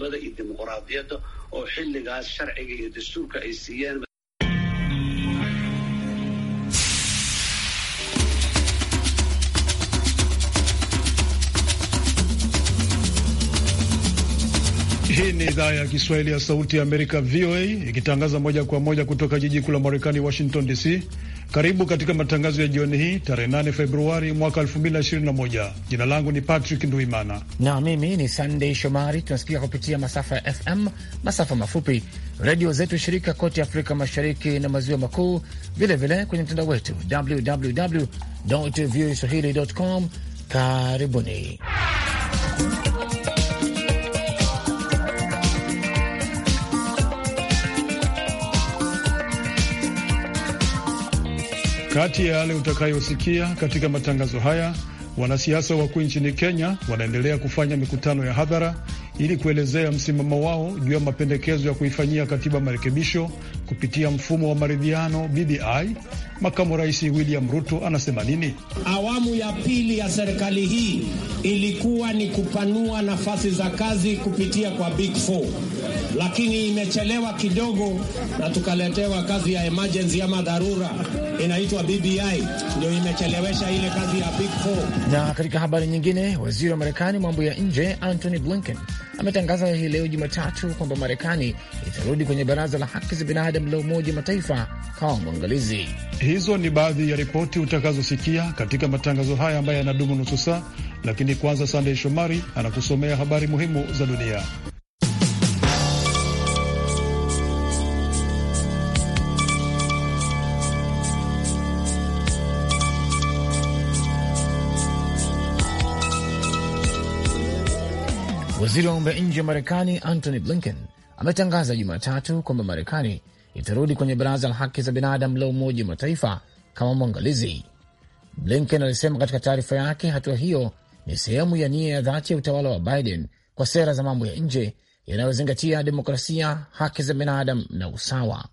iyo dimuqraadiyadda oo xilligaas sharciga iyo dastuurka ay siiyeen. Hii ni idhaa ya Kiswahili ya Sauti ya Amerika, VOA, ikitangaza moja kwa moja kutoka jiji kuu la Marekani, Washington DC. Karibu katika matangazo ya jioni hii tarehe 8 Februari mwaka 2021. Jina langu ni Patrick Nduimana na mimi ni Sandey Shomari. Tunasikia kupitia masafa ya FM, masafa mafupi, redio zetu shirika kote Afrika Mashariki na Maziwa Makuu, vilevile kwenye mtandao wetu www voaswahili.com. Karibuni. Kati ya yale utakayosikia katika matangazo haya, wanasiasa wakuu nchini Kenya wanaendelea kufanya mikutano ya hadhara ili kuelezea msimamo wao juu ya mapendekezo ya kuifanyia katiba marekebisho kupitia mfumo wa maridhiano BBI. Makamu Rais William Ruto anasema nini? Awamu ya pili ya serikali hii ilikuwa ni kupanua nafasi za kazi kupitia kwa Big Four, lakini imechelewa kidogo na tukaletewa kazi ya emergency ama dharura inaitwa BBI, ndio imechelewesha ile kazi ya Big Four. Na katika habari nyingine, waziri wa Marekani mambo ya nje Antony Blinken ametangaza hii leo Jumatatu kwamba Marekani itarudi kwenye Baraza la Haki za Binadamu la Umoja Mataifa kama mwangalizi. Hizo ni baadhi ya ripoti utakazosikia katika matangazo haya ambayo yanadumu nusu saa, lakini kwanza, Sandey Shomari anakusomea habari muhimu za dunia. Waziri wa mambo ya nje wa Marekani Antony Blinken ametangaza Jumatatu kwamba Marekani itarudi kwenye Baraza la Haki za Binadamu la Umoja wa Mataifa kama mwangalizi. Blinken alisema katika taarifa yake, hatua hiyo ni sehemu ya nia ya dhati ya utawala wa Biden kwa sera za mambo ya nje yanayozingatia demokrasia, haki za binadamu na usawa.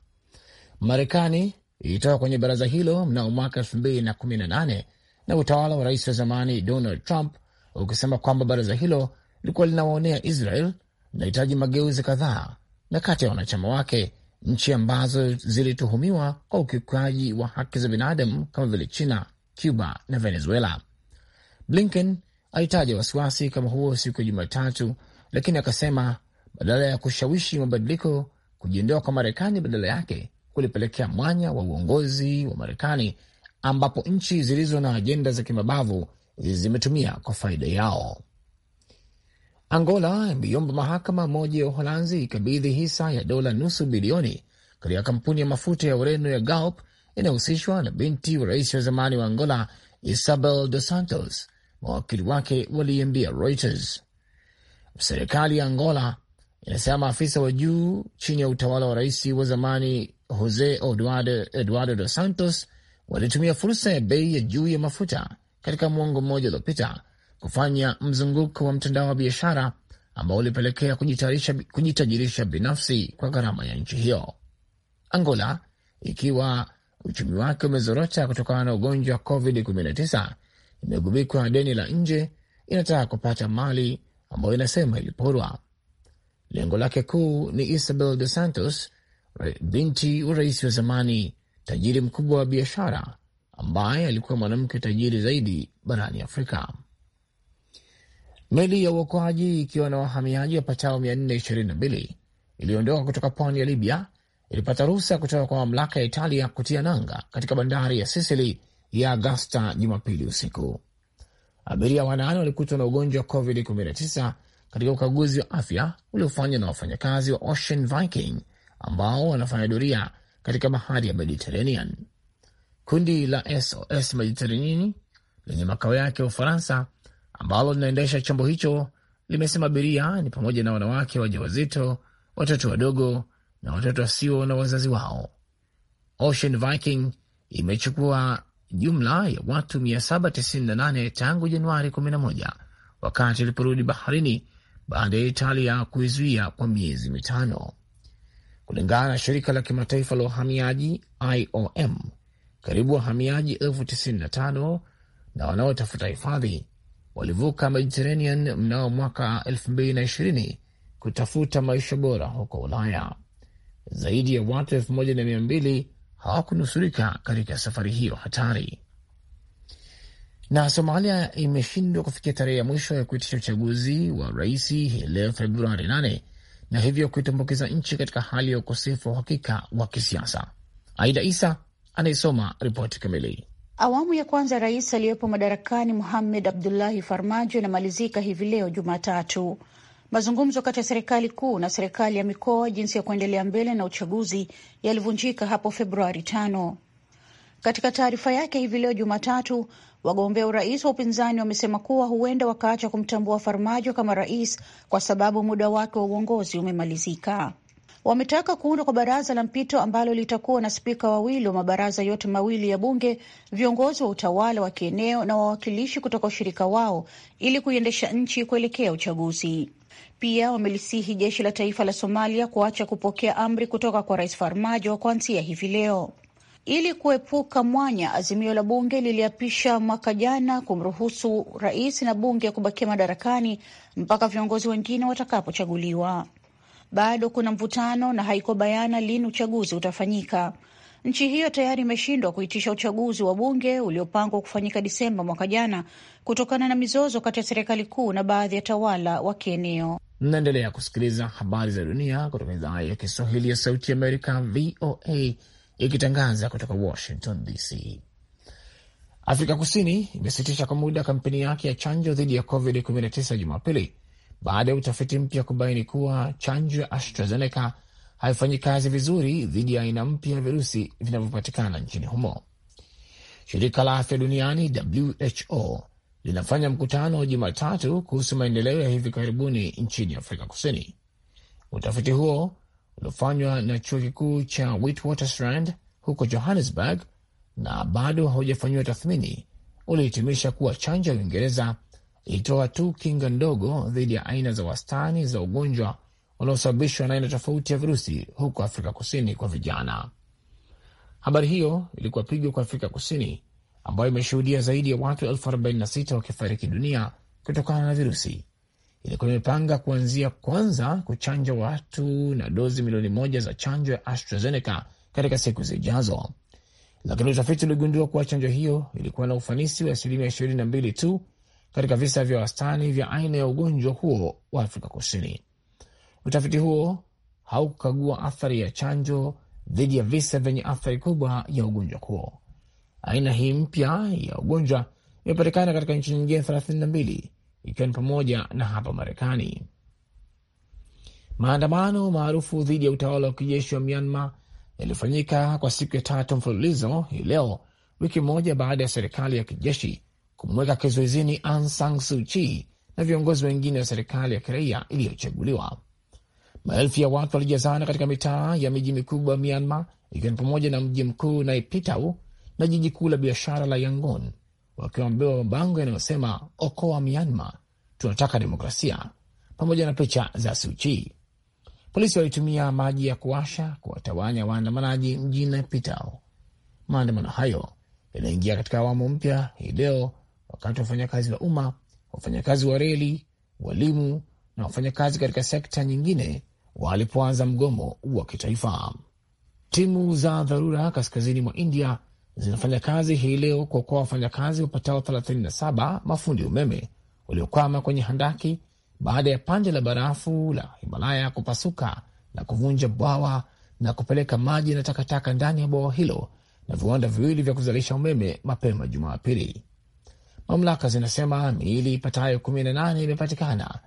Marekani ilitoka kwenye baraza hilo mnamo mwaka 2018 na utawala wa rais wa zamani Donald Trump ukisema kwamba baraza hilo lilikuwa linawaonea Israel linahitaji mageuzi kadhaa na kati ya wanachama wake nchi ambazo zilituhumiwa kwa ukiukaji wa haki za binadamu kama vile China, Cuba na Venezuela. Blinken alitaja wasiwasi kama huo siku ya Jumatatu, lakini akasema badala ya kushawishi mabadiliko, kujiondoa kwa Marekani badala yake kulipelekea mwanya wa uongozi wa Marekani ambapo nchi zilizo na ajenda za kimabavu zimetumia kwa faida yao. Angola imeiomba mahakama moja ya Uholanzi ikabidhi hisa ya dola nusu bilioni katika kampuni ya mafuta ya Ureno ya Galp inayohusishwa na binti wa rais wa zamani wa Angola Isabel Dos Santos, mawakili wake waliiambia Reuters. Serikali ya Angola inasema maafisa wa juu chini ya utawala wa rais wa zamani Jose Eduardo Dos Santos walitumia fursa ya bei ya juu ya mafuta katika mwongo mmoja uliopita kufanya mzunguko wa mtandao wa biashara ambao ulipelekea kujitajirisha binafsi kwa gharama ya nchi hiyo. Angola, ikiwa uchumi wake umezorota kutokana na ugonjwa wa COVID-19, imegubikwa deni la nje, inataka kupata mali ambayo inasema iliporwa. Lengo lake kuu ni Isabel de Santos, binti wa rais wa zamani, tajiri mkubwa wa biashara ambaye alikuwa mwanamke tajiri zaidi barani Afrika. Meli ya uokoaji ikiwa na wahamiaji wapatao 422 iliyoondoka kutoka pwani ya Libya ilipata ruhusa kutoka kwa mamlaka ya Italia kutia nanga katika bandari ya Sisili ya Agasta Jumapili usiku. Abiria wanane walikutwa na ugonjwa wa COVID-19 katika ukaguzi wa afya uliofanywa na wafanyakazi wa Ocean Viking ambao wanafanya doria katika bahari ya Mediterranean. Kundi la SOS Mediterranean lenye makao yake ya Ufaransa ambalo linaendesha chombo hicho limesema abiria ni pamoja na wanawake wajawazito, watoto wadogo na watoto wasio na wazazi wao. Ocean Viking imechukua jumla ya watu 798 tangu Januari 11 wakati iliporudi baharini baada ya Italia kuizuia kwa miezi mitano. Kulingana na shirika la kimataifa la uhamiaji IOM, karibu wahamiaji elfu 95 na wanaotafuta hifadhi walivuka Mediterranean mnao mwaka 2020 kutafuta maisha bora huko Ulaya. Zaidi ya watu elfu na hawakunusurika katika safari hiyo hatari. Na Somalia imeshindwa kufikia tarehe ya mwisho ya kuitisha uchaguzi wa rais hii leo Februari 8 na hivyo kuitumbukiza nchi katika hali ya ukosefu wa uhakika wa kisiasa. Aida Isa anayesoma ripoti kamili. Awamu ya kwanza ya rais aliyepo madarakani Muhamed Abdullahi Farmajo inamalizika hivi leo Jumatatu. Mazungumzo kati ya serikali kuu na serikali ya mikoa jinsi ya kuendelea mbele na uchaguzi yalivunjika hapo Februari tano. Katika taarifa yake hivi leo Jumatatu, wagombea urais wa upinzani wamesema kuwa huenda wakaacha kumtambua Farmajo kama rais kwa sababu muda wake wa uongozi umemalizika wametaka kuundwa kwa baraza la mpito ambalo litakuwa na spika wawili wa mabaraza yote mawili ya bunge, viongozi wa utawala wa kieneo na wawakilishi kutoka ushirika wao, ili kuiendesha nchi kuelekea uchaguzi. Pia wamelisihi jeshi la taifa la Somalia kuacha kupokea amri kutoka kwa Rais Farmajo kuanzia hivi leo ili kuepuka mwanya, azimio la bunge liliapisha mwaka jana kumruhusu rais na bunge kubakia madarakani mpaka viongozi wengine watakapochaguliwa bado kuna mvutano na haiko bayana lini uchaguzi utafanyika. Nchi hiyo tayari imeshindwa kuitisha uchaguzi wa bunge uliopangwa kufanyika Disemba mwaka jana kutokana na mizozo kati ya serikali kuu na baadhi ya tawala wa kieneo. Mnaendelea kusikiliza habari za dunia kutoka idhaa ya Kiswahili ya Sauti Amerika, VOA, ikitangaza kutoka Washington DC. Afrika Kusini imesitisha kwa muda kampeni yake ya chanjo dhidi ya COVID-19 Jumapili baada ya utafiti mpya kubaini kuwa chanjo ya AstraZeneca haifanyi kazi vizuri dhidi ya aina mpya ya virusi vinavyopatikana nchini humo. Shirika la afya duniani WHO linafanya mkutano Jumatatu kuhusu maendeleo ya hivi karibuni nchini Afrika Kusini. Utafiti huo uliofanywa na chuo kikuu cha Witwatersrand huko Johannesburg na bado haujafanyiwa tathmini, ulihitimisha kuwa chanjo ya Uingereza ilitoa tu kinga ndogo dhidi ya aina za wastani za ugonjwa unaosababishwa na aina tofauti ya virusi huko Afrika Kusini kwa vijana. Habari hiyo ilikuwa pigwa kwa Afrika Kusini ambayo imeshuhudia zaidi ya watu elfu arobaini na sita wakifariki dunia kutokana na virusi. Ilikuwa imepanga kuanzia kwanza kuchanja watu na dozi milioni moja za chanjo ya AstraZeneca katika siku zijazo, lakini utafiti uligundua kuwa chanjo hiyo ilikuwa na ufanisi wa asilimia ishirini na mbili tu katika visa vya wastani vya aina ya ugonjwa huo wa Afrika Kusini. Utafiti huo haukukagua athari ya chanjo dhidi ya visa vyenye athari kubwa ya ugonjwa huo. Aina hii mpya ya ugonjwa imepatikana katika nchi nyingine mbili ikiwa ni pamoja na hapa Marekani. Maandamano maarufu dhidi ya utawala wa kijeshi wa Myanmar yalifanyika kwa siku ya tatu mfululizo hii leo, wiki moja baada ya serikali ya kijeshi kumweka kizuizini Aung San Suu Kyi na viongozi wengine wa serikali ya kiraia iliyochaguliwa. Maelfu ya watu walijazana katika mitaa ya miji mikubwa ya Myanmar, ikiwa ni pamoja na mji mkuu Naipitau na jiji kuu la biashara la Yangon, wakiwa wamebeba mabango yanayosema okoa Myanmar, tunataka demokrasia, pamoja na picha za Suchi. Polisi walitumia maji ya kuwasha kuwatawanya waandamanaji mjini Naipitau. Maandamano hayo yanaingia katika awamu mpya hii leo wakati wa wafanyakazi wa umma, wafanyakazi wa reli, walimu na wafanyakazi katika sekta nyingine walipoanza mgomo wa kitaifa. Timu za dharura kaskazini mwa India zinafanya kazi hii leo kuokoa wafanyakazi wapatao 37 mafundi umeme waliokwama kwenye handaki baada ya pande la barafu la Himalaya kupasuka na kuvunja bwawa na kupeleka maji na takataka ndani ya bwawa hilo na viwanda viwili vya kuzalisha umeme mapema Jumapili. Mamlaka zinasema miili ipatayo 18 imepatikana,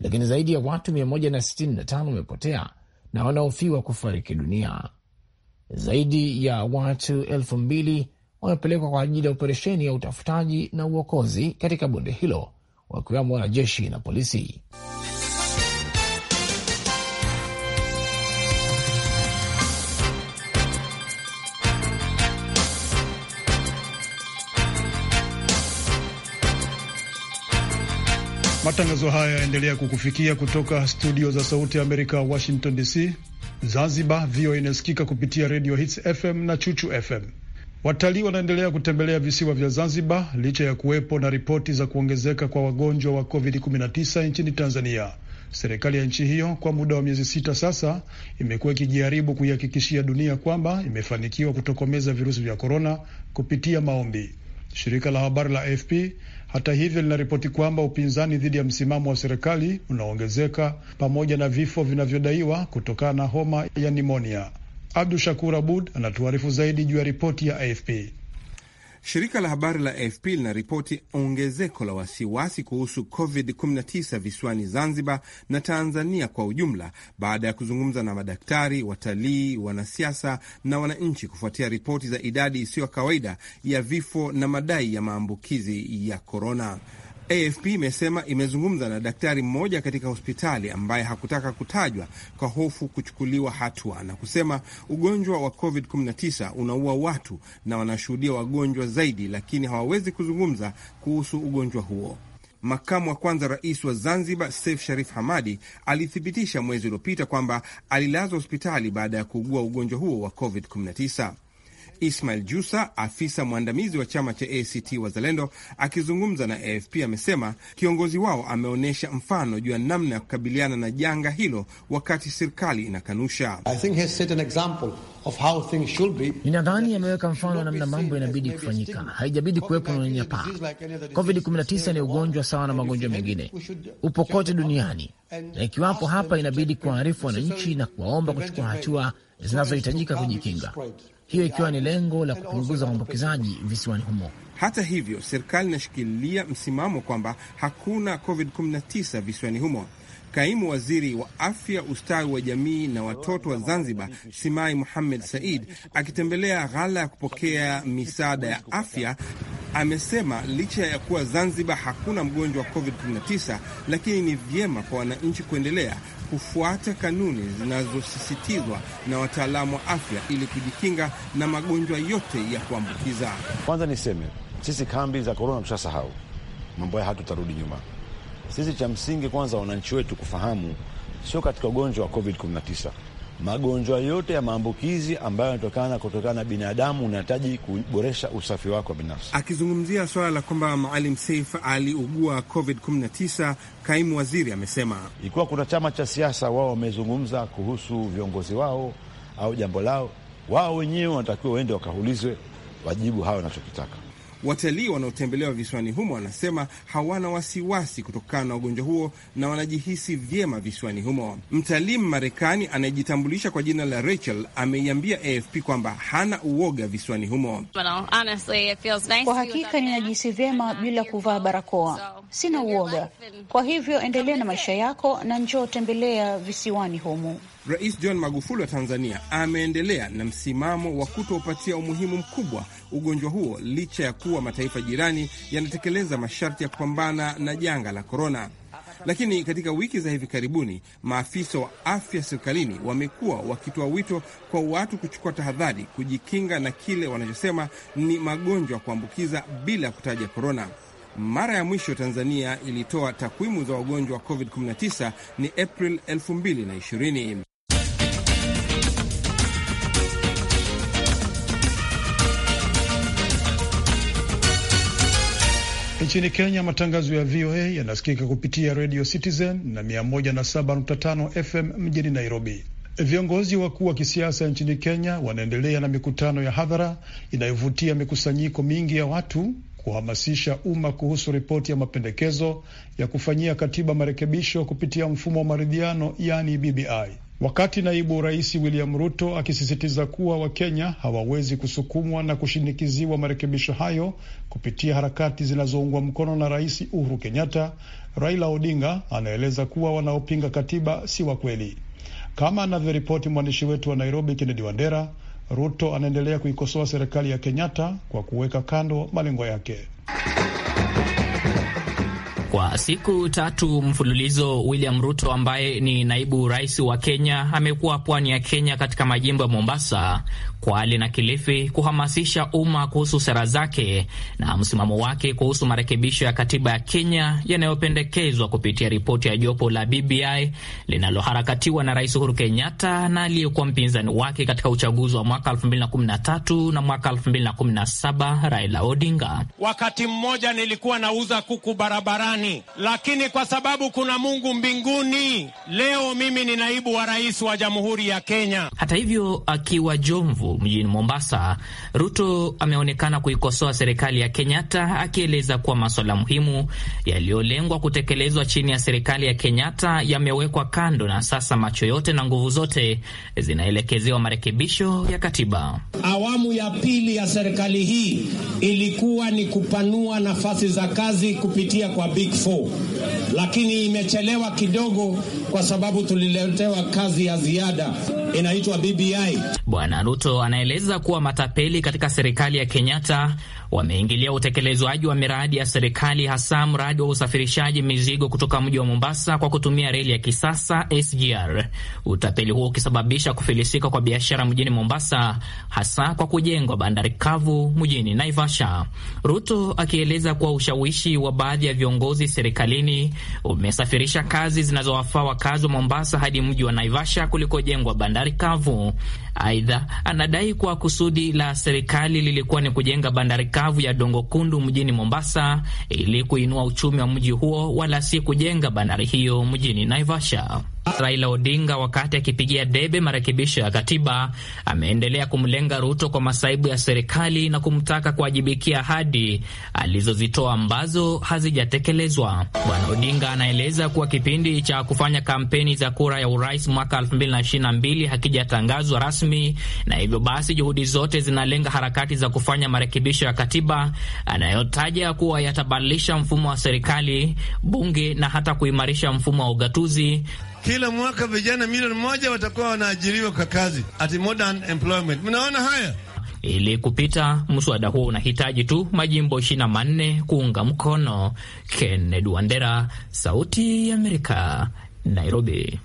lakini zaidi ya watu 165 wamepotea na wanaofiwa kufariki dunia. Zaidi ya watu elfu mbili wamepelekwa kwa ajili ya operesheni ya utafutaji na uokozi katika bonde hilo, wakiwemo wanajeshi na polisi. Matangazo haya yaendelea kukufikia kutoka studio za Sauti ya Amerika, Washington DC. Zanzibar VOA inasikika kupitia redio Hits FM na Chuchu FM. Watalii wanaendelea kutembelea visiwa vya Zanzibar licha ya kuwepo na ripoti za kuongezeka kwa wagonjwa wa COVID-19 nchini Tanzania. Serikali ya nchi hiyo kwa muda wa miezi sita sasa imekuwa ikijaribu kuihakikishia dunia kwamba imefanikiwa kutokomeza virusi vya korona kupitia maombi. Shirika la habari la AFP hata hivyo, linaripoti kwamba upinzani dhidi ya msimamo wa serikali unaongezeka pamoja na vifo vinavyodaiwa kutokana na homa ya nimonia. Abdu Shakur Abud anatuarifu zaidi juu ya ripoti ya AFP. Shirika la habari la AFP linaripoti ongezeko la wasiwasi kuhusu COVID-19 visiwani Zanzibar na Tanzania kwa ujumla baada ya kuzungumza na madaktari, watalii, wanasiasa na wananchi kufuatia ripoti za idadi isiyo kawaida ya vifo na madai ya maambukizi ya korona. AFP imesema imezungumza na daktari mmoja katika hospitali ambaye hakutaka kutajwa kwa hofu kuchukuliwa hatua, na kusema ugonjwa wa COVID-19 unaua watu na wanashuhudia wagonjwa zaidi, lakini hawawezi kuzungumza kuhusu ugonjwa huo. Makamu wa kwanza rais wa Zanzibar Seif Sharif Hamadi alithibitisha mwezi uliopita kwamba alilazwa hospitali baada ya kuugua ugonjwa huo wa COVID-19. Ismail Jusa, afisa mwandamizi wa chama cha ACT Wazalendo, akizungumza na AFP amesema kiongozi wao ameonyesha mfano juu ya namna ya kukabiliana na janga hilo wakati serikali inakanusha. Ninadhani ameweka mfano namna mambo inabidi kufanyika. Haijabidi kuwepo na unyanyapaa. COVID-19 ni ugonjwa sawa na magonjwa mengine, upo kote duniani, na ikiwapo hapa, inabidi kuwaarifu wananchi na kuwaomba kuchukua hatua zinazohitajika kujikinga hiyo ikiwa ni lengo la kupunguza uambukizaji visiwani humo. Hata hivyo, serikali inashikilia msimamo kwamba hakuna COVID-19 visiwani humo. Kaimu waziri wa afya, ustawi wa jamii na watoto wa Zanzibar, Simai Muhamed Said, akitembelea ghala ya kupokea misaada ya afya, amesema licha ya kuwa Zanzibar hakuna mgonjwa wa COVID-19, lakini ni vyema kwa wananchi kuendelea kufuata kanuni zinazosisitizwa na wataalamu wa afya ili kujikinga na magonjwa yote ya kuambukiza. Kwanza niseme sisi kambi za korona tushasahau mambo haya, hatutarudi nyuma. Sisi cha msingi kwanza wananchi wetu kufahamu, sio katika ugonjwa wa COVID-19 magonjwa yote ya maambukizi ambayo yanatokana kutokana na binadamu, unahitaji kuboresha usafi wako binafsi. Akizungumzia swala la kwamba Maalim Seif aliugua COVID-19, kaimu waziri amesema ikiwa kuna chama cha siasa wao wamezungumza kuhusu viongozi wao au jambo lao, wao wenyewe wanatakiwa waende wakaulizwe, wajibu hayo wanachokitaka. Watalii wanaotembelewa visiwani humo wanasema hawana wasiwasi kutokana na ugonjwa huo na wanajihisi vyema visiwani humo. Mtalii Mmarekani anayejitambulisha kwa jina la Rachel ameiambia AFP kwamba hana uoga visiwani humo. Kwa hakika ninajihisi vyema bila kuvaa barakoa, sina uoga. Kwa hivyo endelea na maisha yako na njoo tembelea visiwani humo Rais John Magufuli wa Tanzania ameendelea na msimamo wa kutoupatia umuhimu mkubwa ugonjwa huo licha ya kuwa mataifa jirani yanatekeleza masharti ya kupambana na janga la korona. Lakini katika wiki za hivi karibuni, maafisa wa afya serikalini wamekuwa wakitoa wito kwa watu kuchukua tahadhari kujikinga na kile wanachosema ni magonjwa ya kuambukiza bila kutaja korona. Mara ya mwisho Tanzania ilitoa takwimu za wagonjwa wa COVID-19 ni April 2020. Nchini Kenya, matangazo ya VOA yanasikika kupitia redio Citizen na 107.5 FM mjini Nairobi. Viongozi wakuu wa kisiasa nchini Kenya wanaendelea na mikutano ya hadhara inayovutia mikusanyiko mingi ya watu kuhamasisha umma kuhusu ripoti ya mapendekezo ya kufanyia katiba marekebisho kupitia mfumo wa maridhiano, yaani BBI wakati naibu rais William Ruto akisisitiza kuwa Wakenya hawawezi kusukumwa na kushinikiziwa marekebisho hayo kupitia harakati zinazoungwa mkono na Rais Uhuru Kenyatta. Raila Odinga anaeleza kuwa wanaopinga katiba si wa kweli, kama anavyoripoti mwandishi wetu wa Nairobi Kennedy Wandera. Ruto anaendelea kuikosoa serikali ya Kenyatta kwa kuweka kando malengo yake. Kwa siku tatu mfululizo, William Ruto ambaye ni naibu rais wa Kenya amekuwa pwani ya Kenya katika majimbo ya Mombasa, Kwale na Kilifi kuhamasisha umma kuhusu sera zake na msimamo wake kuhusu marekebisho ya katiba ya Kenya yanayopendekezwa kupitia ripoti ya jopo la BBI linaloharakatiwa na Rais Uhuru Kenyatta na aliyekuwa mpinzani wake katika uchaguzi wa mwaka 2013 na mwaka 2017 Raila Odinga. Wakati mmoja nilikuwa nauza kuku barabarani duniani, lakini kwa sababu kuna Mungu mbinguni, leo mimi ni naibu wa rais wa Jamhuri ya Kenya. Hata hivyo, akiwa Jomvu mjini Mombasa, Ruto ameonekana kuikosoa serikali ya Kenyatta, akieleza kuwa maswala muhimu yaliyolengwa kutekelezwa chini ya serikali ya Kenyatta yamewekwa kando na sasa macho yote na nguvu zote zinaelekezewa marekebisho ya katiba. Awamu ya pili ya serikali hii ilikuwa ni kupanua nafasi za kazi kupitia kwa big Big Four, lakini imechelewa kidogo kwa sababu tuliletewa kazi ya ziada inaitwa BBI. Bwana Ruto anaeleza kuwa matapeli katika serikali ya Kenyatta wameingilia utekelezwaji wa miradi ya serikali, hasa mradi wa usafirishaji mizigo kutoka mji wa Mombasa kwa kutumia reli ya kisasa SGR. Utapeli huo ukisababisha kufilisika kwa biashara mjini Mombasa, hasa kwa kujengwa bandari kavu mjini Naivasha. Ruto akieleza kuwa ushawishi wa baadhi ya viongozi serikalini umesafirisha kazi zinazowafaa wakazi wa Mombasa hadi mji wa Naivasha kuliko bandari bandari kavu. Aidha, anadai kuwa kusudi la serikali lilikuwa ni kujenga bandari kavu ya Dongo Kundu mjini Mombasa ili kuinua uchumi wa mji huo, wala si kujenga bandari hiyo mjini Naivasha. Raila Odinga wakati akipigia debe marekebisho ya katiba ameendelea kumlenga Ruto kwa masaibu ya serikali na kumtaka kuwajibikia ahadi alizozitoa ambazo hazijatekelezwa. Bwana Odinga anaeleza kuwa kipindi cha kufanya kampeni za kura ya urais mwaka 2022 hakijatangazwa rasmi, na hivyo basi juhudi zote zinalenga harakati za kufanya marekebisho ya katiba anayotaja kuwa yatabadilisha mfumo wa serikali, bunge na hata kuimarisha mfumo wa ugatuzi kila mwaka vijana milioni moja watakuwa wanaajiriwa kwa kazi at modern employment. Mnaona haya? Ili kupita mswada huo unahitaji tu majimbo 24 kuunga mkono. Kennedy Wandera, Sauti ya Amerika, Nairobi.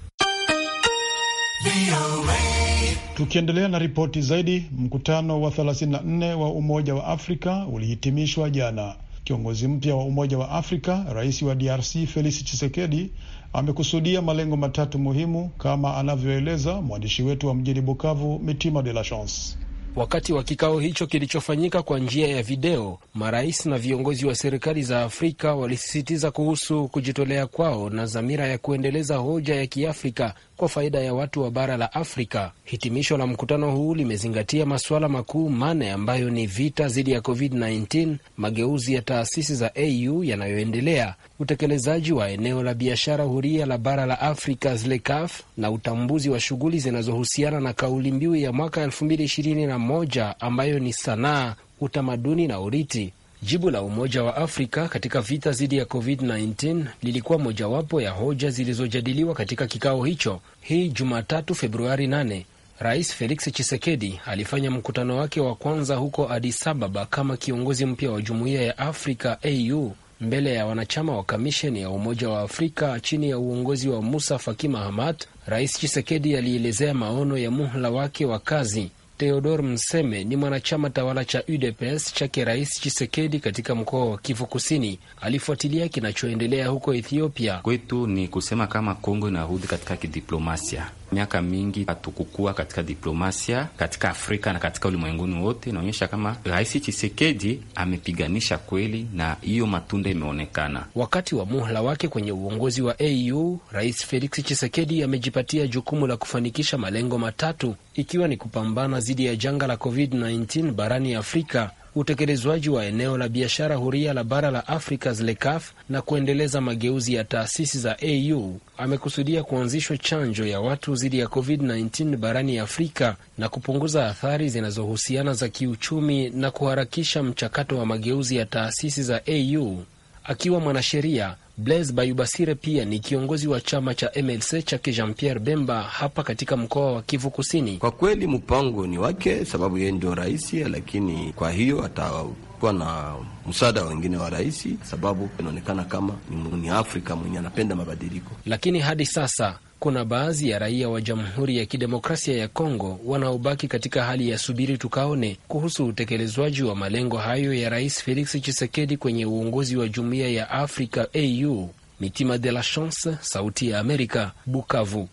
Tukiendelea na ripoti zaidi, mkutano wa 34 wa Umoja wa Afrika ulihitimishwa jana. Kiongozi mpya wa Umoja wa Afrika, rais wa DRC Felix Tshisekedi amekusudia malengo matatu muhimu kama anavyoeleza mwandishi wetu wa mjini Bukavu, Mitima de la Chance. Wakati wa kikao hicho kilichofanyika kwa njia ya video, marais na viongozi wa serikali za Afrika walisisitiza kuhusu kujitolea kwao na dhamira ya kuendeleza hoja ya Kiafrika kwa faida ya watu wa bara la Afrika. Hitimisho la mkutano huu limezingatia masuala makuu mane ambayo ni vita dhidi ya COVID-19, mageuzi ya taasisi za AU yanayoendelea, utekelezaji wa eneo la biashara huria la bara la Afrika ZLECAf na utambuzi wa shughuli zinazohusiana na kauli mbiu ya mwaka 2021 ambayo ni sanaa, utamaduni na urithi. Jibu la Umoja wa Afrika katika vita dhidi ya COVID-19 lilikuwa mojawapo ya hoja zilizojadiliwa katika kikao hicho. Hii Jumatatu Februari 8 Rais Felix Chisekedi alifanya mkutano wake wa kwanza huko Addis Ababa kama kiongozi mpya wa Jumuiya ya Afrika au mbele ya wanachama wa kamisheni ya Umoja wa Afrika chini ya uongozi wa Musa Faki Mahamat. Rais Chisekedi alielezea maono ya muhula wake wa kazi. Theodor Mseme ni mwanachama tawala cha UDPS chake Rais Chisekedi katika mkoa wa Kivu Kusini. Alifuatilia kinachoendelea huko Ethiopia. Kwetu ni kusema kama Kongo inarudi katika kidiplomasia. Miaka mingi hatukukua katika diplomasia katika Afrika na katika ulimwenguni wote. Inaonyesha kama Rais Chisekedi amepiganisha kweli, na hiyo matunda imeonekana. Wakati wa muhula wake kwenye uongozi wa AU, Rais Felix Chisekedi amejipatia jukumu la kufanikisha malengo matatu, ikiwa ni kupambana dhidi ya janga la COVID-19 barani Afrika, utekelezwaji wa eneo la biashara huria la bara la Afrika ZLECAf na kuendeleza mageuzi ya taasisi za AU amekusudia kuanzishwa chanjo ya watu dhidi ya COVID-19 barani Afrika na kupunguza athari zinazohusiana za kiuchumi na kuharakisha mchakato wa mageuzi ya taasisi za AU. Akiwa mwanasheria Blaise Bayubasire pia ni kiongozi wa chama cha MLC chake Jean Pierre Bemba hapa katika mkoa wa Kivu Kusini. Kwa kweli mpango ni wake, sababu yeye ndio rais, lakini kwa hiyo atakuwa na msaada wengine wa rais, sababu inaonekana kama ni Afrika mwenye anapenda mabadiliko, lakini hadi sasa kuna baadhi ya raia wa Jamhuri ya Kidemokrasia ya Kongo wanaobaki katika hali ya subiri tukaone kuhusu utekelezwaji wa malengo hayo ya Rais Felix Tshisekedi kwenye uongozi wa Jumuiya ya Afrika au Mitima de la Chance, Sauti ya Amerika, Bukavu.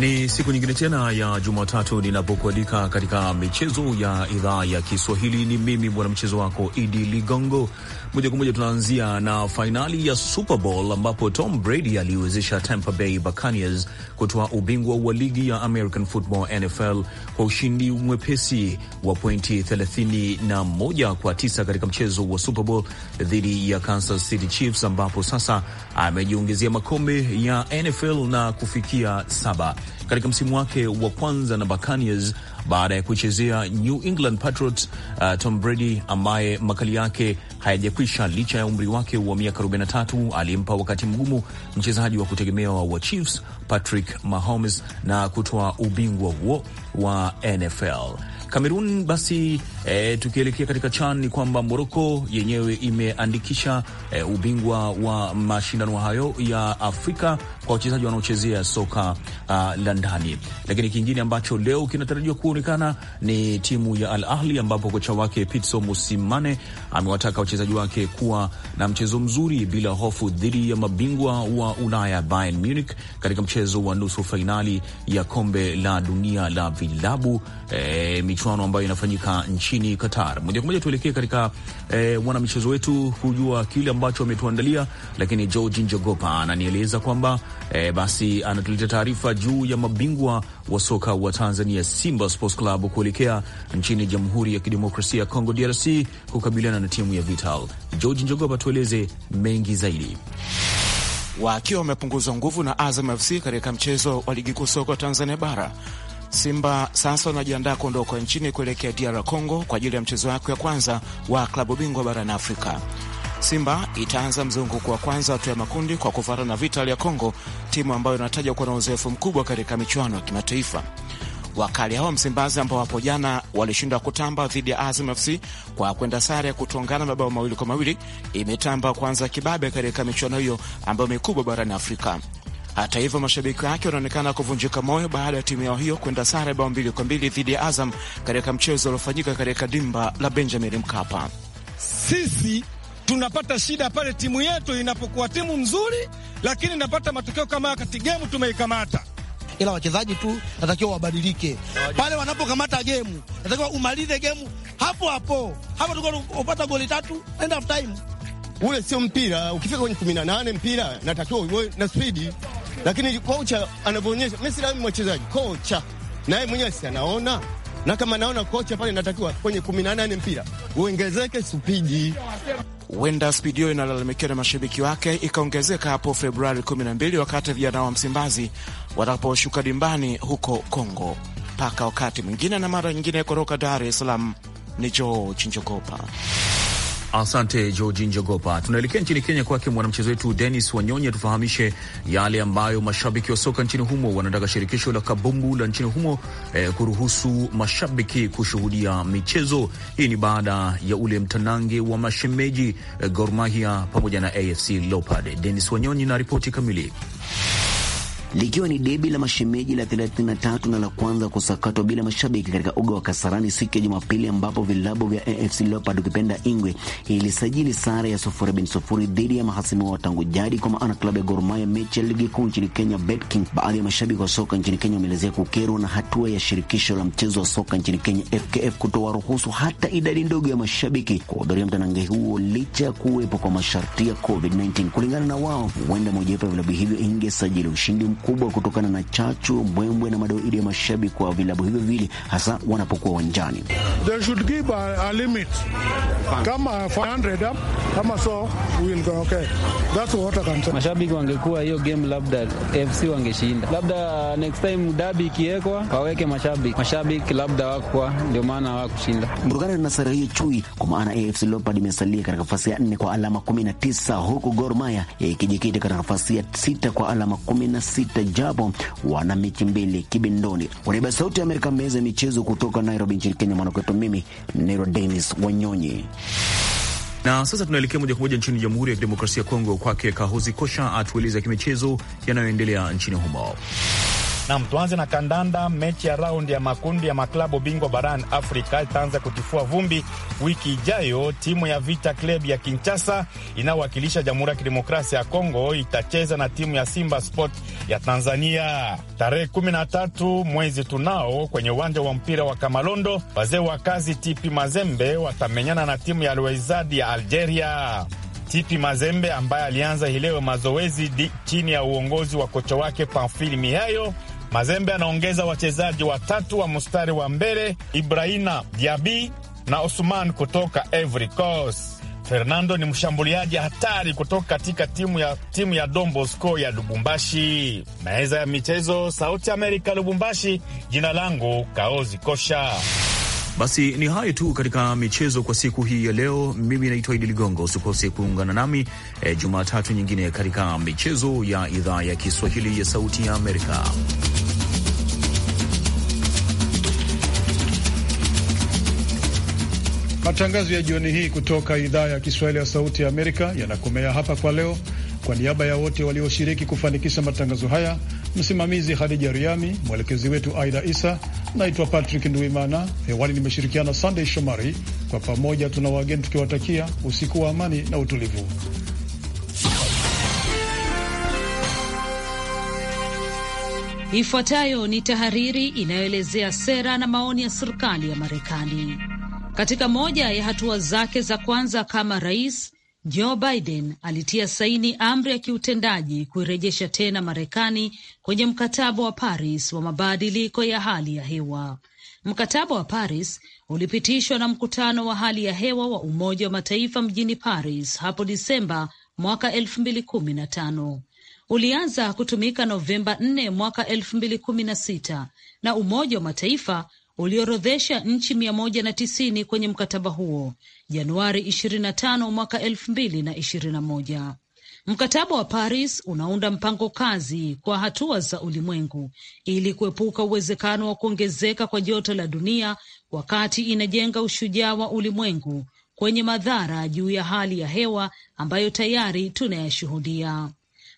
Ni siku nyingine tena ya Jumatatu ninapokualika katika michezo ya idhaa ya Kiswahili. Ni mimi bwana mchezo wako Idi Ligongo, moja kwa moja tunaanzia na fainali ya Super Bowl ambapo Tom Brady aliwezesha Tampa Bay Buccaneers kutoa ubingwa wa ligi ya American Football NFL kwa ushindi mwepesi wa pointi 31 kwa 9 katika mchezo wa Super Bowl dhidi ya Kansas City Chiefs, ambapo sasa amejiongezea makombe ya NFL na kufikia saba katika msimu wake wa kwanza na Buccaneers baada ya kuchezea New England Patriots. Uh, Tom Brady ambaye makali yake hayajakwisha licha ya umri wake wa miaka 43 alimpa wakati mgumu mchezaji wa kutegemewa wa Chiefs Patrick Mahomes na kutoa ubingwa huo wa NFL. Kamerun basi, e, tukielekea katika CHAN ni kwamba Moroko yenyewe imeandikisha e, ubingwa wa mashindano hayo ya Afrika kwa wachezaji wanaochezea soka uh, la ndani. Lakini kingine ambacho leo kinatarajiwa kuonekana ni timu ya Al Ahli, ambapo kocha wake Pitso musimane amewataka wachezaji wake kuwa na mchezo mzuri bila hofu dhidi ya mabingwa wa Ulaya Bayern Munich katika mchezo mchezo wa nusu fainali ya kombe la dunia la vilabu e, michuano ambayo inafanyika nchini Qatar. Moja kwa moja tuelekee katika e, wanamichezo wetu kujua kile ambacho ametuandalia, lakini George Njogopa ananieleza kwamba e, basi anatuletea taarifa juu ya mabingwa wa soka wa Tanzania Simba Sports Club kuelekea nchini Jamhuri ya Kidemokrasia ya Kongo DRC kukabiliana na timu ya Vital. George Njogopa, tueleze mengi zaidi wakiwa wamepunguzwa nguvu na Azam FC katika mchezo wa ligi kuu soka Tanzania bara. Simba sasa wanajiandaa kuondoka nchini kuelekea DR Congo kwa ajili ya mchezo wake wa kwanza wa klabu bingwa barani Afrika. Simba itaanza mzunguko wa kwanza hatua ya makundi kwa kufuatana na Vital ya Congo, timu ambayo inatajwa kuwa na uzoefu mkubwa katika michuano ya kimataifa. Wakali hao Msimbazi ambao hapo jana walishindwa kutamba dhidi ya Azam FC kwa kwenda sare ya kutongana mabao mawili kwa mawili imetamba kwanza kibabe katika michuano hiyo ambayo mikubwa barani Afrika. Hata hivyo mashabiki wake wanaonekana kuvunjika moyo baada ya timu yao hiyo kwenda sare bao mbili kwa mbili dhidi ya Azam katika mchezo uliofanyika katika dimba la Benjamin Mkapa. Sisi tunapata shida pale timu yetu inapokuwa timu nzuri, lakini inapata matokeo kama kati gemu tumeikamata ila wachezaji tu natakiwa wabadilike pale wanapokamata gemu, natakiwa umalize gemu hapo hapo hapo. tuko upata goli tatu end of time, ule sio mpira. Ukifika kwenye kumi na nane mpira natakiwa uwe na spidi, lakini kocha anavyoonyesha. Mi silami mwachezaji, kocha naye mwenyewe si anaona na kama naona kocha pale, natakiwa kwenye kumi na nane mpira uongezeke spidi huenda spidio inalalamikiwa na mashabiki wake ikaongezeka hapo Februari 12 wakati vijana wa Msimbazi wanaposhuka dimbani huko Kongo. Mpaka wakati mwingine na mara nyingine, kutoka Dar es Salaam ni Joo Njogopa. Asante Georgi Njogopa. Tunaelekea nchini Kenya, kwake mwanamchezo wetu Denis Wanyonyi tufahamishe yale ambayo mashabiki wa soka nchini humo wanataka shirikisho la kabumbu la nchini humo eh, kuruhusu mashabiki kushuhudia michezo hii. Ni baada ya ule mtanange wa mashemeji eh, Gor Mahia pamoja na AFC Leopards. Denis Wanyonyi na ripoti kamili likiwa ni debi la mashemeji la 33 na la kwanza kusakatwa bila mashabiki katika uga wa Kasarani siku ya Jumapili, ambapo vilabu vya AFC Leopard ukipenda Ingwe ilisajili sare ya sufuri bin sufuri dhidi ya mahasimu wa tangu jadi kwa maana klabu ya Gor Mahia, mechi ya ligi kuu nchini Kenya BetKing. Baadhi ya mashabiki wa soka nchini Kenya wameelezea kukerwa na hatua ya shirikisho la mchezo wa soka nchini Kenya FKF kutowaruhusu hata idadi ndogo ya mashabiki kuhudhuria mtanange huo licha ya kuwepo kwa masharti ya COVID-19. Kulingana na wao, huenda mojawapo ya vilabu hivyo ingesajili ushindi mkubwa kutokana na chachu, mbwembwe na madoido ya mashabiki kwa vilabu hivyo vili, hasa wanapokuwa uwanjani. Mashabiki wangekuwa hiyo game, labda FC wangeshinda, labda next time dabi ikiwekwa waweke mashabiki, mashabiki labda wakwa, ndio maana hawakushinda. Kutokana na sare hiyo chui, kwa maana AFC Leopards imesalia katika nafasi ya nne kwa alama 19 huku Gor Mahia ikijikita katika nafasi ya sita kwa alama 16. Tajabu wana mechi mbili kibindoni. Kwa ya Sauti ya Amerika, meza ya michezo kutoka Nairobi nchini Kenya, mwanakwetu mimi Nero Dennis Wanyonyi. Na sasa tunaelekea moja kwa moja nchini Jamhuri ya Kidemokrasia ya Kongo, kwake Kahozi Kosha atueleza kimichezo yanayoendelea nchini humo. Nam, tuanze na kandanda. Mechi ya raundi ya makundi ya maklabu bingwa barani Afrika itaanza kutifua vumbi wiki ijayo. Timu ya Vita Club ya Kinshasa inayowakilisha Jamhuri ya Kidemokrasia ya Kongo itacheza na timu ya Simba Sport ya Tanzania tarehe kumi na tatu mwezi tunao kwenye uwanja wa mpira wa Kamalondo. Wazee wa kazi TP Mazembe watamenyana na timu ya Alwezadi ya Algeria. Tipi Mazembe ambaye alianza hileo mazoezi chini ya uongozi wa kocha wake Pamfili Mihayo Mazembe anaongeza wachezaji watatu wa mstari wa mbele, Ibrahima Diaby na Osman kutoka Ivory Coast. Fernando ni mshambuliaji hatari kutoka katika timu ya, timu ya Don Bosco ya Lubumbashi. Meza ya michezo, Sauti Amerika, Lubumbashi. Jina langu Kaozi Kosha. Basi ni hayo tu katika michezo kwa siku hii ya leo. Mimi naitwa Idi Ligongo. Usikose kuungana nami e, Jumatatu nyingine katika michezo ya idhaa ya Kiswahili ya Sauti ya Amerika. Matangazo ya jioni hii kutoka idhaa ya Kiswahili ya Sauti ya Amerika yanakomea hapa kwa leo. Kwa niaba ya wote walioshiriki kufanikisha matangazo haya, msimamizi hadija Riami, mwelekezi wetu Aida Isa. Naitwa Patrick Nduimana, hewani nimeshirikiana Sandey Shomari. Kwa pamoja tuna wageni tukiwatakia usiku wa amani na utulivu. Ifuatayo ni tahariri inayoelezea sera na maoni ya serikali ya Marekani. Katika moja ya hatua zake za kwanza kama rais, Joe Biden alitia saini amri ya kiutendaji kuirejesha tena Marekani kwenye mkataba wa Paris wa mabadiliko ya hali ya hewa. Mkataba wa Paris ulipitishwa na mkutano wa hali ya hewa wa Umoja wa Mataifa mjini Paris hapo Disemba mwaka elfu mbili kumi na tano. Ulianza kutumika Novemba 4 mwaka elfu mbili kumi na sita na Umoja wa Mataifa uliorodhesha nchi mia moja na tisini kwenye mkataba huo Januari 25 mwaka 2021. Mkataba wa Paris unaunda mpango kazi kwa hatua za ulimwengu ili kuepuka uwezekano wa kuongezeka kwa joto la dunia, wakati inajenga ushujaa wa ulimwengu kwenye madhara juu ya hali ya hewa ambayo tayari tunayashuhudia.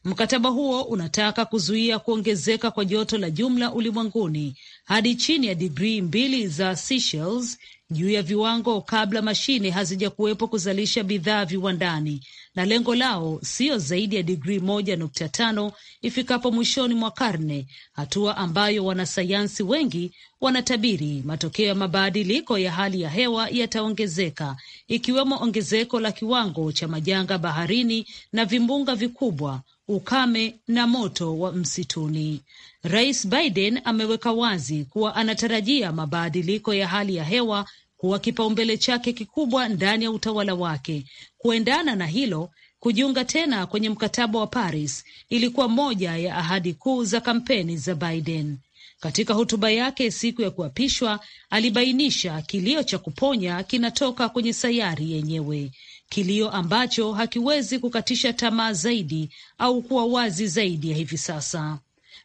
Mkataba huo unataka kuzuia kuongezeka kwa joto la jumla ulimwenguni hadi chini ya digrii mbili za Celsius juu ya viwango kabla mashine hazijakuwepo kuzalisha bidhaa viwandani, na lengo lao siyo zaidi ya digrii moja nukta tano ifikapo mwishoni mwa karne, hatua ambayo wanasayansi wengi wanatabiri matokeo ya mabadiliko ya hali ya hewa yataongezeka, ikiwemo ongezeko la kiwango cha majanga baharini na vimbunga vikubwa, ukame na moto wa msituni. Rais Biden ameweka wazi kuwa anatarajia mabadiliko ya hali ya hewa kuwa kipaumbele chake kikubwa ndani ya utawala wake. Kuendana na hilo, kujiunga tena kwenye mkataba wa Paris ilikuwa moja ya ahadi kuu za kampeni za Biden. Katika hotuba yake siku ya kuapishwa, alibainisha kilio cha kuponya kinatoka kwenye sayari yenyewe kilio ambacho hakiwezi kukatisha tamaa zaidi au kuwa wazi zaidi ya hivi sasa.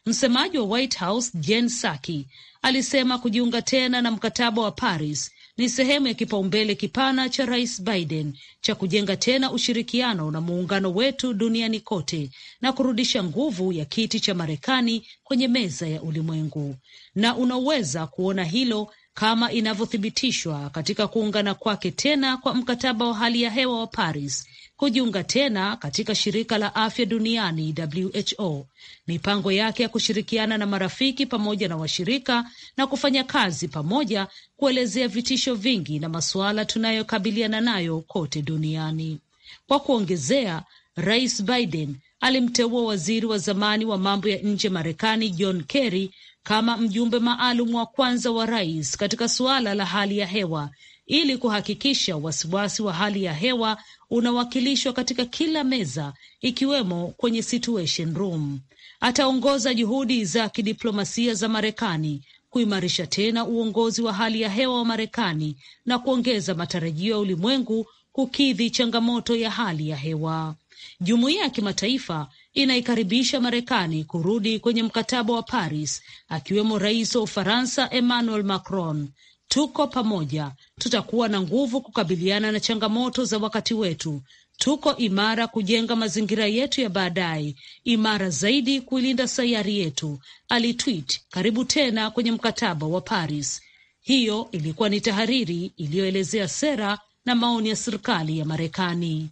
Msemaji wa White House Jen Psaki alisema kujiunga tena na mkataba wa Paris ni sehemu ya kipaumbele kipana cha Rais Biden cha kujenga tena ushirikiano na muungano wetu duniani kote na kurudisha nguvu ya kiti cha Marekani kwenye meza ya ulimwengu, na unaweza kuona hilo kama inavyothibitishwa katika kuungana kwake tena kwa mkataba wa hali ya hewa wa Paris, kujiunga tena katika shirika la afya duniani WHO, mipango yake ya kushirikiana na marafiki pamoja na washirika na kufanya kazi pamoja kuelezea vitisho vingi na masuala tunayokabiliana nayo kote duniani. Kwa kuongezea, Rais Biden alimteua waziri wa zamani wa mambo ya nje Marekani John Kerry kama mjumbe maalum wa kwanza wa rais katika suala la hali ya hewa ili kuhakikisha wasiwasi wa hali ya hewa unawakilishwa katika kila meza ikiwemo kwenye Situation Room. Ataongoza juhudi za kidiplomasia za Marekani kuimarisha tena uongozi wa hali ya hewa wa Marekani na kuongeza matarajio ya ulimwengu kukidhi changamoto ya hali ya hewa. Jumuiya ya kimataifa inaikaribisha Marekani kurudi kwenye mkataba wa Paris, akiwemo rais wa Ufaransa Emmanuel Macron. Tuko pamoja, tutakuwa na nguvu kukabiliana na changamoto za wakati wetu. Tuko imara kujenga mazingira yetu ya baadaye, imara zaidi kuilinda sayari yetu, alitwit. Karibu tena kwenye mkataba wa Paris. Hiyo ilikuwa ni tahariri iliyoelezea sera na maoni ya serikali ya Marekani.